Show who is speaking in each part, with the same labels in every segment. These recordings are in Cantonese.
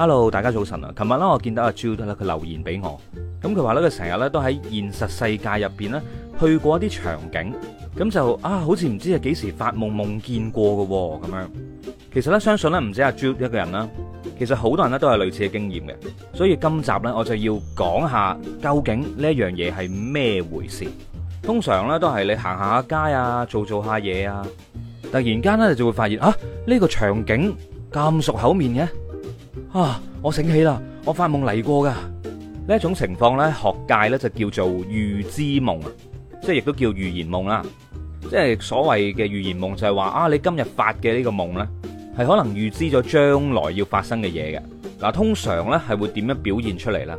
Speaker 1: hello，大家早晨啊！琴日啦，我見到阿 Jude 咧，佢留言俾我咁，佢話咧佢成日咧都喺現實世界入邊咧去過一啲場景咁就啊，好似唔知係幾時發夢夢見過嘅咁樣。其實咧，相信咧唔止阿 Jude 一個人啦，其實好多人咧都係類似嘅經驗嘅。所以今集咧，我就要講下究竟呢一樣嘢係咩回事。通常咧都係你行下街啊，做做下嘢啊，突然間咧你就會發現啊，呢個場景咁熟口面嘅。啊！我醒起啦，我發夢嚟過噶。呢一種情況呢，學界呢就叫做預知夢，即係亦都叫預言夢啦。即係所謂嘅預言夢就係話啊，你今日發嘅呢個夢呢，係可能預知咗將來要發生嘅嘢嘅。嗱，通常呢係會點樣表現出嚟呢？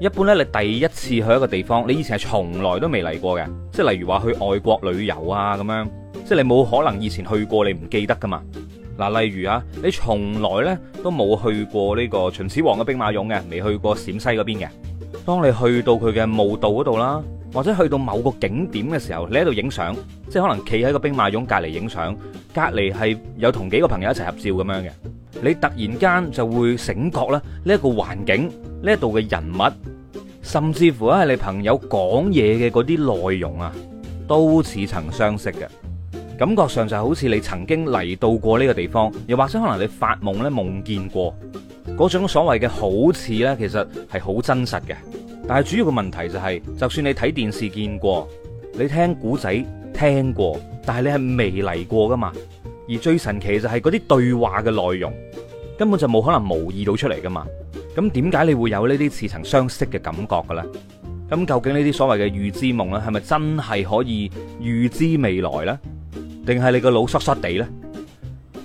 Speaker 1: 一般呢，你第一次去一個地方，你以前係從來都未嚟過嘅，即係例如話去外國旅遊啊咁樣，即係你冇可能以前去過，你唔記得噶嘛。嗱，例如啊，你從來咧都冇去過呢個秦始皇嘅兵馬俑嘅，未去過陝西嗰邊嘅。當你去到佢嘅墓道嗰度啦，或者去到某個景點嘅時候，你喺度影相，即係可能企喺個兵馬俑隔離影相，隔離係有同幾個朋友一齊合照咁樣嘅。你突然間就會醒覺啦，呢一個環境，呢一度嘅人物，甚至乎啊係你朋友講嘢嘅嗰啲內容啊，都似曾相識嘅。感覺上就好似你曾經嚟到過呢個地方，又或者可能你發夢呢，夢見過嗰種所謂嘅好似呢，其實係好真實嘅。但係主要嘅問題就係，就算你睇電視見過，你聽古仔聽過，但係你係未嚟過噶嘛？而最神奇就係嗰啲對話嘅內容根本就冇可能模擬到出嚟噶嘛？咁點解你會有呢啲似曾相識嘅感覺噶咧？咁究竟呢啲所謂嘅預知夢咧，係咪真係可以預知未來呢？定係你個腦 short short 地呢？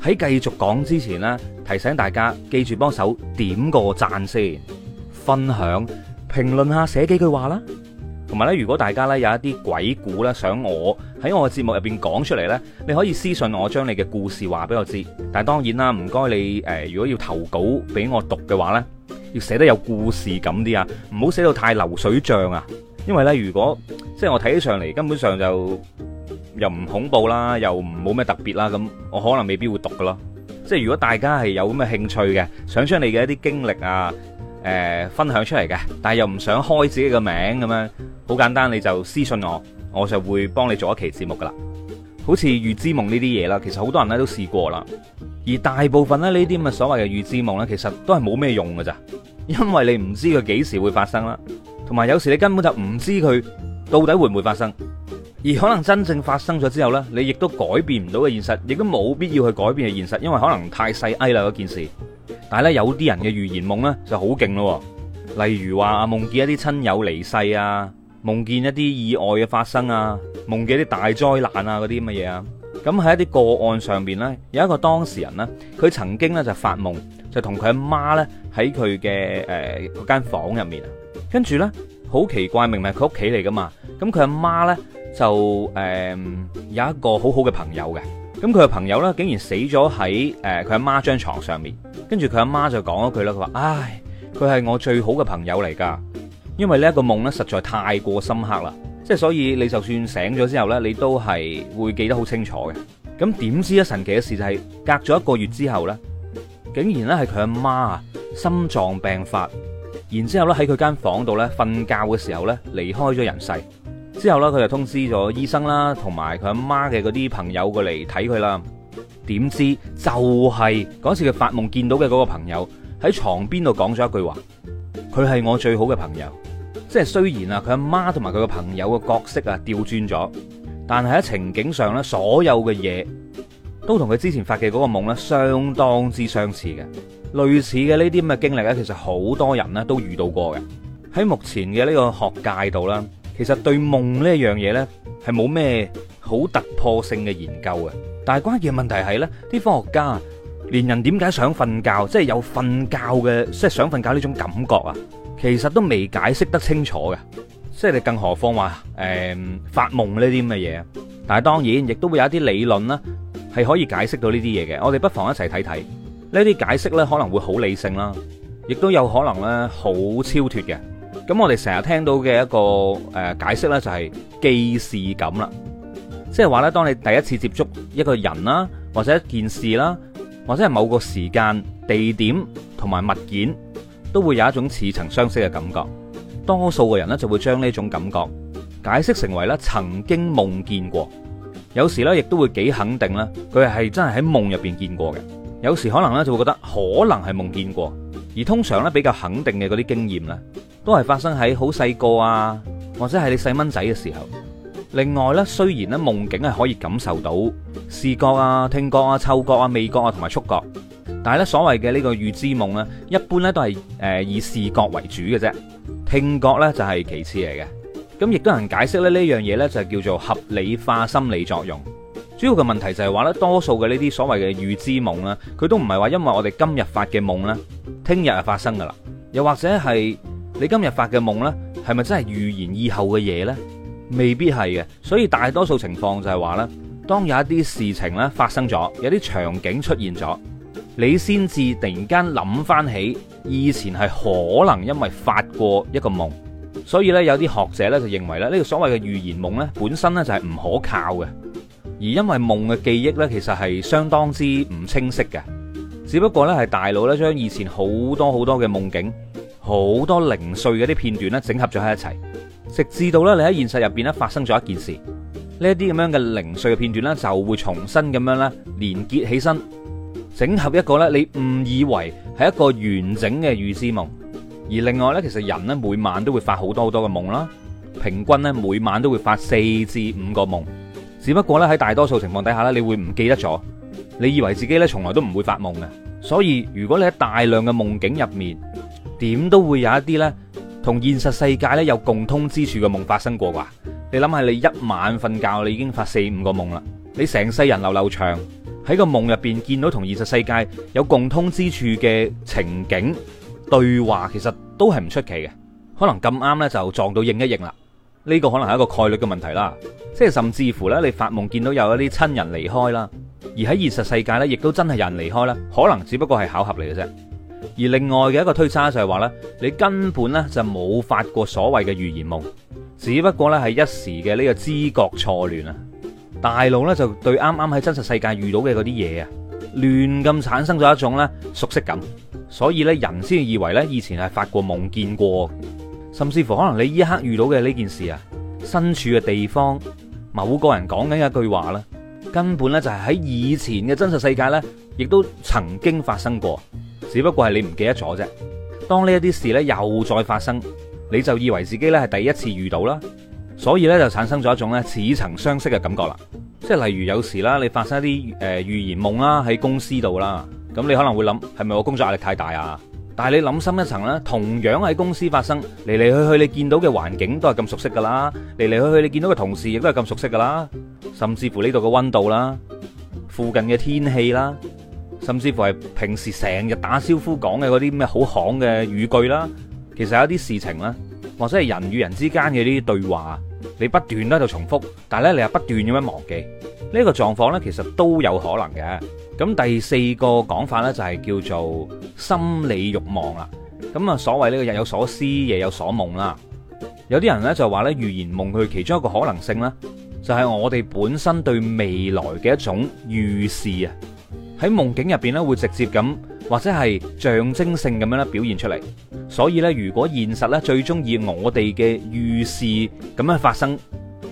Speaker 1: 喺繼續講之前呢，提醒大家記住幫手點個讚先，分享、評論下，寫幾句話啦。同埋呢，如果大家呢有一啲鬼故呢，想我喺我嘅節目入邊講出嚟呢，你可以私信我，將你嘅故事話俾我知。但係當然啦，唔該你誒，如果要投稿俾我讀嘅話呢，要寫得有故事感啲啊，唔好寫到太流水賬啊。因為呢，如果即係我睇起上嚟，根本上就。又唔恐怖啦，又唔冇咩特別啦，咁我可能未必會讀噶咯。即係如果大家係有咁嘅興趣嘅，想將你嘅一啲經歷啊，誒、呃，分享出嚟嘅，但係又唔想開自己嘅名咁樣，好簡單，你就私信我，我就會幫你做一期節目噶啦。好似預知夢呢啲嘢啦，其實好多人咧都試過啦，而大部分咧呢啲咁嘅所謂嘅預知夢呢，其實都係冇咩用噶咋，因為你唔知佢幾時會發生啦，同埋有，有時你根本就唔知佢到底會唔會發生。而可能真正發生咗之後呢，你亦都改變唔到嘅現實，亦都冇必要去改變嘅現實，因為可能太細埃啦。嗰件事，但係咧，有啲人嘅預言夢呢就好勁咯。例如話啊，夢見一啲親友離世啊，夢見一啲意外嘅發生啊，夢見啲大災難啊嗰啲咁嘅嘢啊。咁喺一啲個案上邊呢，有一個當事人、呃、呢，佢曾經呢就發夢，就同佢阿媽呢喺佢嘅誒嗰間房入面啊，跟住呢，好奇怪，明明係佢屋企嚟噶嘛，咁佢阿媽呢。就誒、嗯、有一個好好嘅朋友嘅，咁佢嘅朋友呢，竟然死咗喺誒佢阿媽張床上面，跟住佢阿媽就講咗句啦，佢話：唉，佢係我最好嘅朋友嚟噶，因為呢一個夢呢實在太過深刻啦，即係所以你就算醒咗之後呢，你都係會記得好清楚嘅。咁點知一神奇嘅事就係、是、隔咗一個月之後呢，竟然呢係佢阿媽啊心臟病發，然之後呢喺佢間房度呢，瞓覺嘅時候呢，離開咗人世。之後咧，佢就通知咗醫生啦，同埋佢阿媽嘅嗰啲朋友過嚟睇佢啦。點知就係嗰次佢發夢見到嘅嗰個朋友喺床邊度講咗一句話：佢係我最好嘅朋友。即係雖然啊，佢阿媽同埋佢嘅朋友嘅角色啊調轉咗，但係喺情景上呢，所有嘅嘢都同佢之前發嘅嗰個夢呢相當之相似嘅。類似嘅呢啲咁嘅經歷呢，其實好多人呢都遇到過嘅。喺目前嘅呢個學界度啦。其實對夢呢樣嘢咧，係冇咩好突破性嘅研究嘅。但係關鍵問題係咧，啲科學家連人點解想瞓覺，即係有瞓覺嘅，即係想瞓覺呢種感覺啊，其實都未解釋得清楚嘅。即係你，更何況話誒發夢呢啲咁嘅嘢。但係當然，亦都會有一啲理論啦，係可以解釋到呢啲嘢嘅。我哋不妨一齊睇睇呢啲解釋咧，可能會好理性啦，亦都有可能咧好超脫嘅。咁我哋成日聽到嘅一個誒解釋呢，就係既視感啦，即係話呢，當你第一次接觸一個人啦，或者一件事啦，或者係某個時間、地點同埋物件，都會有一種似曾相識嘅感覺。多數嘅人呢，就會將呢種感覺解釋成為呢，曾經夢見過，有時呢，亦都會幾肯定呢，佢係真係喺夢入面見過嘅。有時可能呢，就會覺得可能係夢見過，而通常呢，比較肯定嘅嗰啲經驗呢，都係發生喺好細個啊，或者係你細蚊仔嘅時候。另外呢，雖然咧夢境係可以感受到視覺啊、聽覺啊、嗅覺啊、味覺啊同埋觸覺，但係呢所謂嘅呢個預知夢咧，一般呢都係誒以視覺為主嘅啫，聽覺呢就係其次嚟嘅。咁亦都有人解釋咧呢樣嘢呢，就係叫做合理化心理作用。主要嘅問題就係話呢多數嘅呢啲所謂嘅預知夢咧，佢都唔係話因為我哋今日發嘅夢咧，聽日就發生噶啦，又或者係。你今日發嘅夢呢，係咪真係預言以後嘅嘢呢？未必係嘅，所以大多數情況就係話咧，當有一啲事情咧發生咗，有啲場景出現咗，你先至突然間諗翻起以前係可能因為發過一個夢，所以咧有啲學者咧就認為咧呢個所謂嘅預言夢呢，本身呢就係唔可靠嘅，而因為夢嘅記憶呢，其實係相當之唔清晰嘅，只不過呢，係大腦咧將以前好多好多嘅夢境。好多零碎嘅啲片段咧，整合咗喺一齊，直至到咧你喺現實入邊咧發生咗一件事，呢一啲咁樣嘅零碎嘅片段咧就會重新咁樣咧連結起身，整合一個咧你誤以為係一個完整嘅預知夢。而另外咧，其實人咧每晚都會發好多好多嘅夢啦，平均咧每晚都會發四至五個夢，只不過咧喺大多數情況底下咧，你會唔記得咗，你以為自己咧從來都唔會發夢嘅。所以如果你喺大量嘅夢境入面，點都會有一啲呢，同現實世界呢有共通之處嘅夢發生過啩？你諗下，你一晚瞓覺你已經發四五個夢啦，你成世人流流長喺個夢入邊見到同現實世界有共通之處嘅情景對話，其實都係唔出奇嘅。可能咁啱呢，就撞到應一應啦，呢個可能係一個概率嘅問題啦。即係甚至乎呢，你發夢見到有一啲親人離開啦，而喺現實世界呢，亦都真係有人離開啦，可能只不過係巧合嚟嘅啫。而另外嘅一個推測就係話呢，你根本呢就冇發過所謂嘅預言夢，只不過呢係一時嘅呢個知覺錯亂啊，大腦呢就對啱啱喺真實世界遇到嘅嗰啲嘢啊，亂咁產生咗一種呢熟悉感，所以呢，人先以為呢以前係發過夢見過，甚至乎可能你呢刻遇到嘅呢件事啊，身處嘅地方，某個人講緊一句話呢，根本呢就係喺以前嘅真實世界呢亦都曾經發生過。只不過係你唔記得咗啫。當呢一啲事呢又再發生，你就以為自己呢係第一次遇到啦，所以呢就產生咗一種呢似曾相識嘅感覺啦。即係例如有時啦，你發生一啲誒預言夢啦，喺公司度啦，咁你可能會諗係咪我工作壓力太大啊？但係你諗深一層啦，同樣喺公司發生，嚟嚟去去你見到嘅環境都係咁熟悉噶啦，嚟嚟去去你見到嘅同事亦都係咁熟悉噶啦，甚至乎呢度嘅温度啦，附近嘅天氣啦。甚至乎係平時成日打招呼講嘅嗰啲咩好行嘅語句啦，其實有啲事情啦，或者係人與人之間嘅呢啲對話，你不斷喺度重複，但係咧你又不斷咁樣忘記呢個狀況呢，其實都有可能嘅。咁第四個講法呢，就係叫做心理欲望啦。咁啊，所謂呢個日有所思夜有所夢啦，有啲人呢，就話咧預言夢佢其中一個可能性咧，就係我哋本身對未來嘅一種預示啊。喺夢境入邊咧，會直接咁或者係象徵性咁樣咧表現出嚟。所以咧，如果現實咧最終以我哋嘅預示咁樣發生，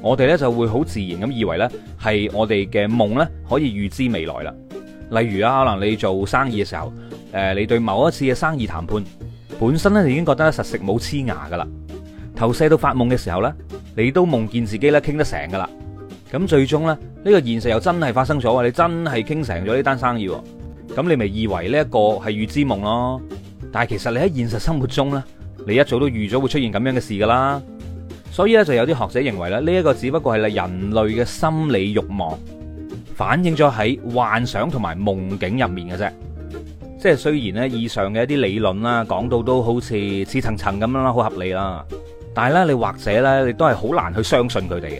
Speaker 1: 我哋咧就會好自然咁以為咧係我哋嘅夢咧可以預知未來啦。例如啊，可能你做生意嘅時候，誒，你對某一次嘅生意談判本身咧已經覺得實食冇黐牙噶啦，投射到發夢嘅時候咧，你都夢見自己咧傾得成噶啦。咁最終咧，呢個現實又真係發生咗，你真係傾成咗呢單生意，咁你咪以為呢一個係預知夢咯？但係其實你喺現實生活中呢，你一早都預咗會出現咁樣嘅事噶啦。所以咧，就有啲學者認為咧，呢一個只不過係你人類嘅心理慾望，反映咗喺幻想同埋夢境入面嘅啫。即係雖然呢以上嘅一啲理論啦，講到都好似似層層咁樣啦，好合理啦。但係咧，你或者呢，你都係好難去相信佢哋嘅。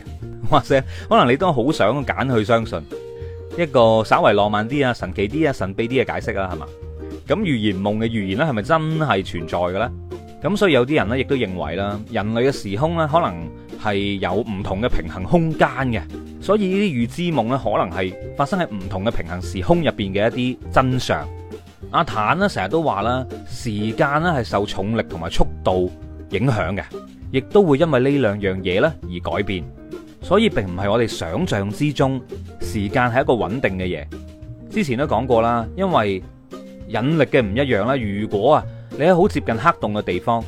Speaker 1: 或者可能你都好想揀去相信一個稍為浪漫啲啊、神奇啲啊、神秘啲嘅解釋啦，係嘛？咁預言夢嘅預言咧，係咪真係存在嘅咧？咁所以有啲人呢，亦都認為啦，人類嘅時空呢，可能係有唔同嘅平衡空間嘅，所以呢啲預知夢呢，可能係發生喺唔同嘅平衡時空入邊嘅一啲真相。阿坦呢，成日都話啦，時間呢係受重力同埋速度影響嘅，亦都會因為呢兩樣嘢呢而改變。所以並唔係我哋想象之中，時間係一個穩定嘅嘢。之前都講過啦，因為引力嘅唔一樣啦。如果啊，你喺好接近黑洞嘅地方，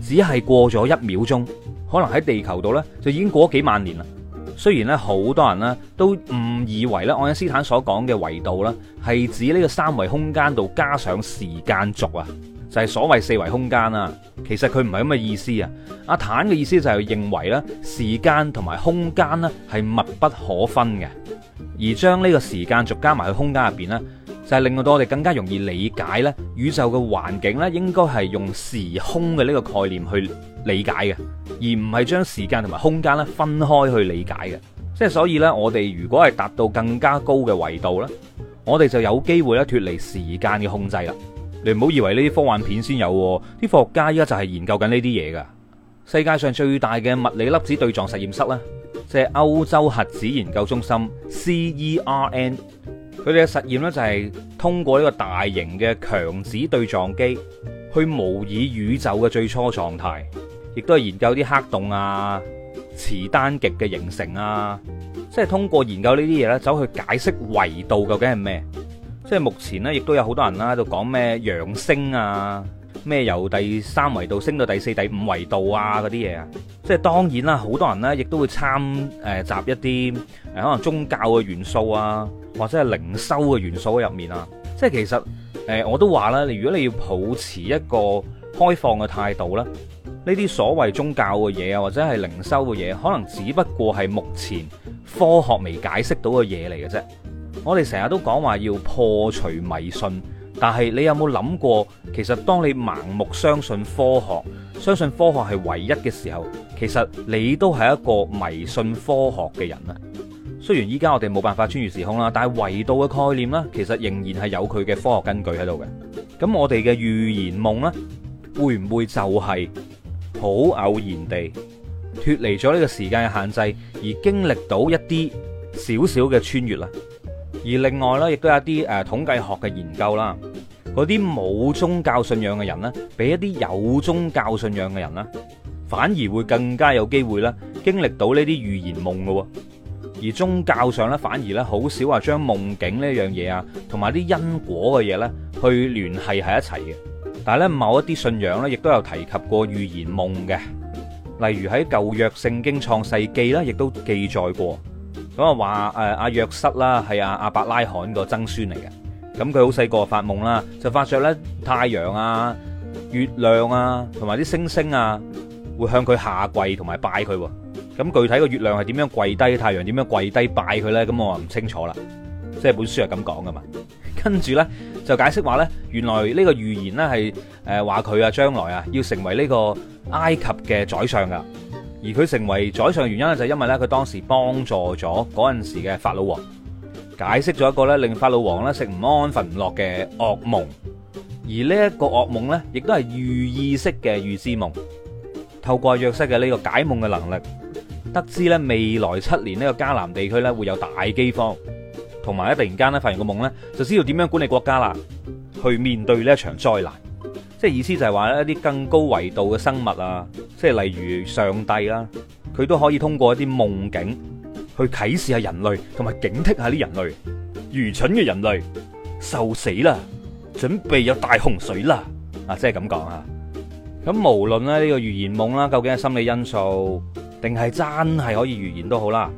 Speaker 1: 只係過咗一秒鐘，可能喺地球度呢，就已經過咗幾萬年啦。雖然呢，好多人呢都誤以為呢愛因斯坦所講嘅維度呢，係指呢個三維空間度加上時間軸啊。就係所謂四維空間啦，其實佢唔係咁嘅意思啊！阿坦嘅意思就係認為咧，時間同埋空間咧係密不可分嘅，而將呢個時間逐加埋去空間入邊咧，就係、是、令到我哋更加容易理解咧宇宙嘅環境咧，應該係用時空嘅呢個概念去理解嘅，而唔係將時間同埋空間咧分開去理解嘅。即係所以呢，我哋如果係達到更加高嘅維度咧，我哋就有機會咧脫離時間嘅控制啦。你唔好以為呢啲科幻片先有，啲科學家依家就係研究緊呢啲嘢噶。世界上最大嘅物理粒子對撞實驗室啦，即係歐洲核子研究中心 CERN，佢哋嘅實驗呢，就係通過呢個大型嘅強子對撞機去模擬宇宙嘅最初狀態，亦都係研究啲黑洞啊、磁單極嘅形成啊，即係通過研究呢啲嘢呢，走去解釋維度究竟係咩。即係目前咧，亦都有好多人啦，喺度講咩揚升啊，咩由第三維度升到第四、第五維度啊嗰啲嘢啊。即係當然啦，好多人咧亦都會摻雜一啲可能宗教嘅元素啊，或者係靈修嘅元素喺入面啊。即係其實我都話啦，如果你要保持一個開放嘅態度啦，呢啲所謂宗教嘅嘢啊，或者係靈修嘅嘢，可能只不過係目前科學未解釋到嘅嘢嚟嘅啫。我哋成日都講話要破除迷信，但係你有冇諗過？其實當你盲目相信科學，相信科學係唯一嘅時候，其實你都係一個迷信科學嘅人啦。雖然依家我哋冇辦法穿越時空啦，但係維度嘅概念呢，其實仍然係有佢嘅科學根據喺度嘅。咁我哋嘅預言夢呢，會唔會就係好偶然地脫離咗呢個時間嘅限制，而經歷到一啲少少嘅穿越啦？而另外咧，亦都有一啲誒統計學嘅研究啦，嗰啲冇宗教信仰嘅人呢，比一啲有宗教信仰嘅人呢，反而會更加有機會咧，經歷到呢啲預言夢嘅。而宗教上呢，反而呢，好少話將夢境呢樣嘢啊，同埋啲因果嘅嘢呢，去聯繫喺一齊嘅。但係呢，某一啲信仰呢，亦都有提及過預言夢嘅，例如喺舊約聖經創世記啦，亦都記載過。咁啊，話誒阿約瑟啦，係阿阿伯拉罕個曾孫嚟嘅。咁佢好細個發夢啦，就發著咧太陽啊、月亮啊同埋啲星星啊，會向佢下跪同埋拜佢喎。咁具體個月亮係點樣跪低，太陽點樣跪低拜佢咧？咁我話唔清楚啦，即係本書係咁講噶嘛。跟住咧就解釋話咧，原來呢個預言咧係誒話佢啊將來啊要成為呢個埃及嘅宰相噶。而佢成為宰相嘅原因咧，就係因為咧佢當時幫助咗嗰陣時嘅法老王，解釋咗一個咧令法老王咧食唔安、瞓唔落嘅噩夢。而呢一個噩夢咧，亦都係寓意式嘅預知夢。透過約瑟嘅呢個解夢嘅能力，得知咧未來七年呢個迦南地區咧會有大饑荒，同埋咧突然間咧發現個夢咧就知道點樣管理國家啦，去面對呢一場災難。即係意思就係話咧，一啲更高維度嘅生物啊，即係例如上帝啦，佢都可以通過一啲夢境去啟示下人類，同埋警惕下啲人類，愚蠢嘅人類，受死啦！準備有大洪水啦！啊、就是，即係咁講啊！咁無論咧呢個預言夢啦，究竟係心理因素，定係真係可以預言都好啦，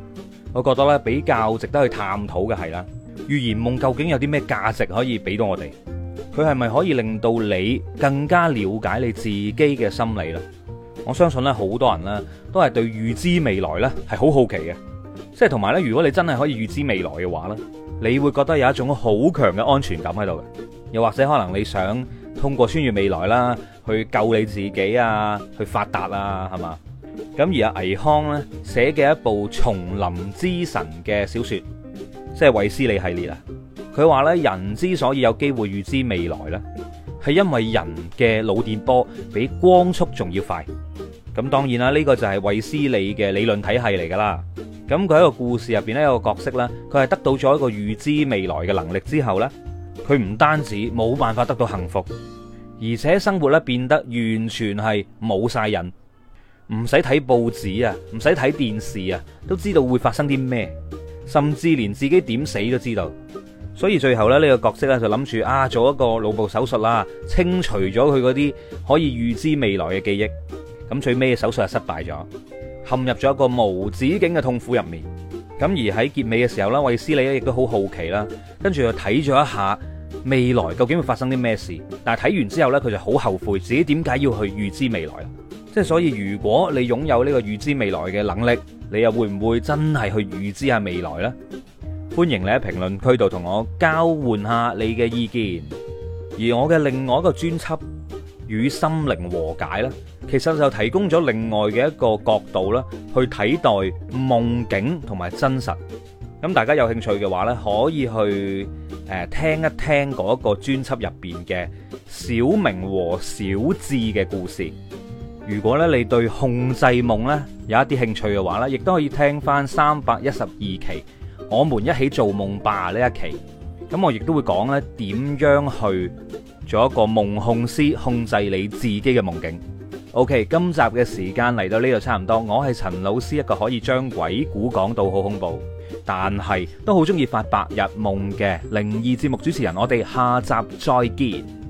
Speaker 1: 我覺得咧比較值得去探討嘅係啦，預言夢究竟有啲咩價值可以俾到我哋？佢係咪可以令到你更加了解你自己嘅心理咧？我相信咧，好多人咧都係對預知未來咧係好好奇嘅，即係同埋咧，如果你真係可以預知未來嘅話咧，你會覺得有一種好強嘅安全感喺度嘅，又或者可能你想通過穿越未來啦，去救你自己啊，去發達啊，係嘛？咁而阿倪康咧寫嘅一部《叢林之神》嘅小說，即係《衛斯理》系列啊。佢話咧，人之所以有機會預知未來咧，係因為人嘅腦電波比光速仲要快。咁當然啦，呢個就係衛斯理嘅理論體系嚟噶啦。咁佢喺個故事入邊呢，有個角色啦，佢係得到咗一個預知未來嘅能力之後呢，佢唔單止冇辦法得到幸福，而且生活咧變得完全係冇晒人，唔使睇報紙啊，唔使睇電視啊，都知道會發生啲咩，甚至連自己點死都知道。所以最後咧，呢個角色咧就諗住啊，做一個腦部手術啦，清除咗佢嗰啲可以預知未來嘅記憶。咁最尾手術啊失敗咗，陷入咗一個無止境嘅痛苦入面。咁而喺結尾嘅時候呢，衛斯理咧亦都好好奇啦，跟住又睇咗一下未來究竟會發生啲咩事。但係睇完之後呢，佢就好後悔自己點解要去預知未來。即係所以，如果你擁有呢個預知未來嘅能力，你又會唔會真係去預知下未來呢？歡迎你喺評論區度同我交換下你嘅意見，而我嘅另外一個專輯《與心靈和解》咧，其實就提供咗另外嘅一個角度啦，去睇待夢境同埋真實。咁大家有興趣嘅話咧，可以去誒聽一聽嗰個專輯入邊嘅小明和小智嘅故事。如果咧你對控制夢呢有一啲興趣嘅話咧，亦都可以聽翻三百一十二期。我們一起做夢吧呢一期，咁我亦都會講咧點樣去做一個夢控師，控制你自己嘅夢境。OK，今集嘅時間嚟到呢度差唔多，我係陳老師，一個可以將鬼故講到好恐怖，但係都好中意發白日夢嘅靈異節目主持人。我哋下集再見。